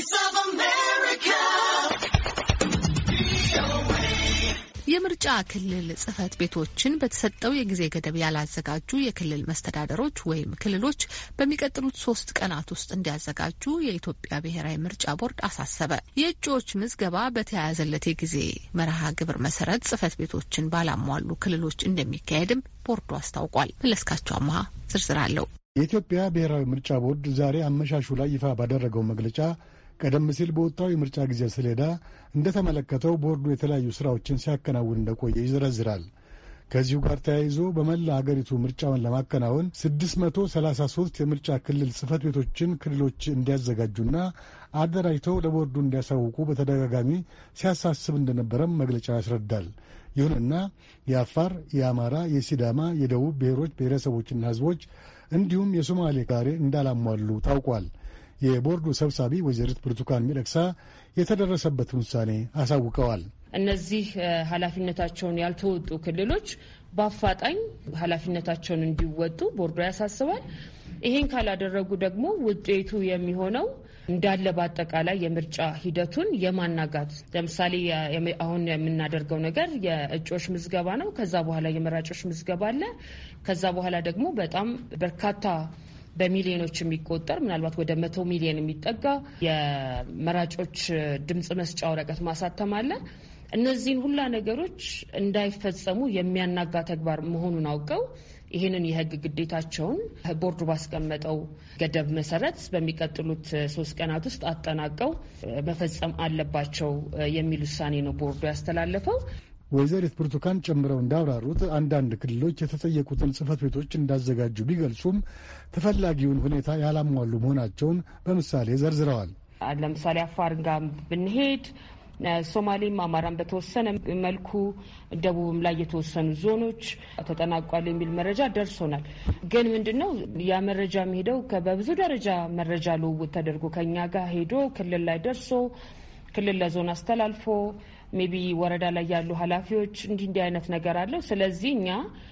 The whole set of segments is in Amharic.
Voice of America. የምርጫ ክልል ጽህፈት ቤቶችን በተሰጠው የጊዜ ገደብ ያላዘጋጁ የክልል መስተዳደሮች ወይም ክልሎች በሚቀጥሉት ሶስት ቀናት ውስጥ እንዲያዘጋጁ የኢትዮጵያ ብሔራዊ ምርጫ ቦርድ አሳሰበ። የእጩዎች ምዝገባ በተያያዘለት የጊዜ መርሃ ግብር መሰረት ጽህፈት ቤቶችን ባላሟሉ ክልሎች እንደሚካሄድም ቦርዱ አስታውቋል። መለስካቸው አመሀ ዝርዝር አለው። የኢትዮጵያ ብሔራዊ ምርጫ ቦርድ ዛሬ አመሻሹ ላይ ይፋ ባደረገው መግለጫ ቀደም ሲል በወጣው የምርጫ ጊዜ ሰሌዳ እንደተመለከተው ቦርዱ የተለያዩ ስራዎችን ሲያከናውን እንደቆየ ይዘረዝራል። ከዚሁ ጋር ተያይዞ በመላ አገሪቱ ምርጫውን ለማከናወን 633 የምርጫ ክልል ጽህፈት ቤቶችን ክልሎች እንዲያዘጋጁና አደራጅተው ለቦርዱ እንዲያሳውቁ በተደጋጋሚ ሲያሳስብ እንደነበረም መግለጫው ያስረዳል። ይሁንና የአፋር፣ የአማራ፣ የሲዳማ፣ የደቡብ ብሔሮች ብሔረሰቦችና ህዝቦች እንዲሁም የሶማሌ ጋሬ እንዳላሟሉ ታውቋል። የቦርዱ ሰብሳቢ ወይዘሪት ብርቱካን ሚደቅሳ የተደረሰበትን ውሳኔ አሳውቀዋል። እነዚህ ኃላፊነታቸውን ያልተወጡ ክልሎች በአፋጣኝ ኃላፊነታቸውን እንዲወጡ ቦርዱ ያሳስባል። ይህን ካላደረጉ ደግሞ ውጤቱ የሚሆነው እንዳለ በአጠቃላይ የምርጫ ሂደቱን የማናጋት ለምሳሌ አሁን የምናደርገው ነገር የእጩዎች ምዝገባ ነው። ከዛ በኋላ የመራጮች ምዝገባ አለ። ከዛ በኋላ ደግሞ በጣም በርካታ በሚሊዮኖች የሚቆጠር ምናልባት ወደ መቶ ሚሊዮን የሚጠጋ የመራጮች ድምፅ መስጫ ወረቀት ማሳተም አለ። እነዚህን ሁላ ነገሮች እንዳይፈጸሙ የሚያናጋ ተግባር መሆኑን አውቀው ይህንን የህግ ግዴታቸውን ቦርዱ ባስቀመጠው ገደብ መሰረት በሚቀጥሉት ሶስት ቀናት ውስጥ አጠናቀው መፈጸም አለባቸው የሚል ውሳኔ ነው ቦርዱ ያስተላለፈው። ወይዘሪት ብርቱካን ጨምረው እንዳብራሩት አንዳንድ ክልሎች የተጠየቁትን ጽህፈት ቤቶች እንዳዘጋጁ ቢገልጹም ተፈላጊውን ሁኔታ ያላሟሉ መሆናቸውን በምሳሌ ዘርዝረዋል። ለምሳሌ አፋርን ጋር ብንሄድ ሶማሌም አማራን በተወሰነ መልኩ ደቡብም ላይ የተወሰኑ ዞኖች ተጠናቋል የሚል መረጃ ደርሶናል። ግን ምንድነው ያ መረጃ የሚሄደው በብዙ ደረጃ መረጃ ልውውጥ ተደርጎ ከኛ ጋር ሄዶ ክልል ላይ ደርሶ ክልል ለዞን አስተላልፎ ሜቢ ወረዳ ላይ ያሉ ኃላፊዎች እንዲህ እንዲህ አይነት ነገር አለው። ስለዚህ እኛ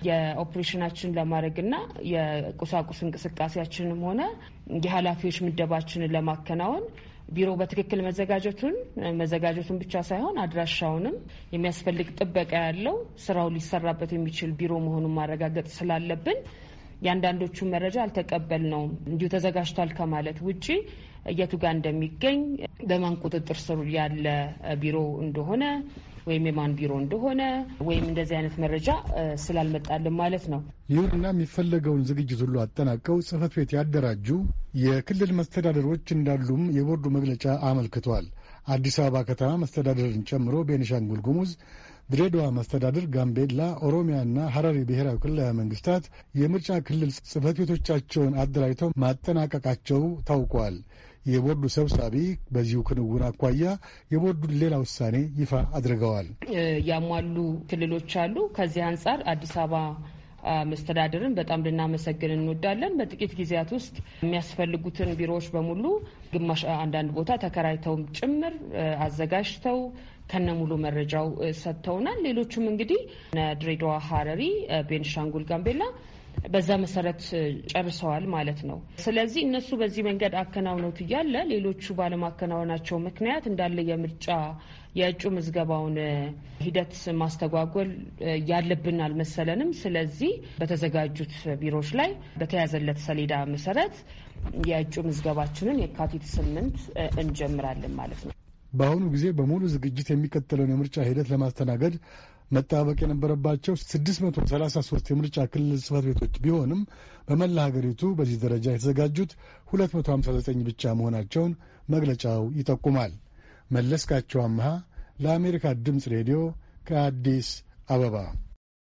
የኦፕሬሽናችን ለማድረግና የቁሳቁስ እንቅስቃሴያችንም ሆነ የኃላፊዎች ምደባችንን ለማከናወን ቢሮ በትክክል መዘጋጀቱን መዘጋጀቱን ብቻ ሳይሆን አድራሻውንም የሚያስፈልግ ጥበቃ ያለው ስራው ሊሰራበት የሚችል ቢሮ መሆኑን ማረጋገጥ ስላለብን የአንዳንዶቹን መረጃ ነው እንዲሁ ተዘጋጅቷል ከማለት ውጪ የቱ ጋር እንደሚገኝ በማን ቁጥጥር ስር ያለ ቢሮ እንደሆነ ወይም የማን ቢሮ እንደሆነ ወይም እንደዚህ አይነት መረጃ ስላልመጣልን ማለት ነው። ይሁንና የሚፈለገውን ዝግጅት ሁሉ አጠናቀው ጽህፈት ቤት ያደራጁ የክልል መስተዳደሮች እንዳሉም የቦርዱ መግለጫ አመልክቷል። አዲስ አበባ ከተማ መስተዳደርን ጨምሮ ቤኒሻንጉል ጉሙዝ ድሬዳዋ መስተዳድር፣ ጋምቤላ፣ ኦሮሚያና ሐረሪ ብሔራዊ ክልላዊ መንግስታት የምርጫ ክልል ጽህፈት ቤቶቻቸውን አደራጅተው ማጠናቀቃቸው ታውቋል። የቦርዱ ሰብሳቢ በዚሁ ክንውን አኳያ የቦርዱን ሌላ ውሳኔ ይፋ አድርገዋል። ያሟሉ ክልሎች አሉ። ከዚህ አንጻር አዲስ አበባ መስተዳድርን በጣም ልናመሰግን እንወዳለን። በጥቂት ጊዜያት ውስጥ የሚያስፈልጉትን ቢሮዎች በሙሉ ግማሽ አንዳንድ ቦታ ተከራይተውም ጭምር አዘጋጅተው ከነሙሉ መረጃው ሰጥተውናል። ሌሎችም እንግዲህ ድሬዳዋ፣ ሀረሪ ቤንሻንጉል ጋምቤላ በዛ መሰረት ጨርሰዋል ማለት ነው። ስለዚህ እነሱ በዚህ መንገድ አከናውነውት እያለ ሌሎቹ ባለማከናወናቸው ምክንያት እንዳለ የምርጫ የእጩ ምዝገባውን ሂደት ማስተጓጎል ያለብን አልመሰለንም። ስለዚህ በተዘጋጁት ቢሮዎች ላይ በተያዘለት ሰሌዳ መሰረት የእጩ ምዝገባችንን የካቲት ስምንት እንጀምራለን ማለት ነው። በአሁኑ ጊዜ በሙሉ ዝግጅት የሚቀጥለውን የምርጫ ሂደት ለማስተናገድ መጠባበቅ የነበረባቸው 633 የምርጫ ክልል ጽህፈት ቤቶች ቢሆንም በመላ ሀገሪቱ በዚህ ደረጃ የተዘጋጁት 259 ብቻ መሆናቸውን መግለጫው ይጠቁማል። መለስካቸው አምሃ ለአሜሪካ ድምፅ ሬዲዮ ከአዲስ አበባ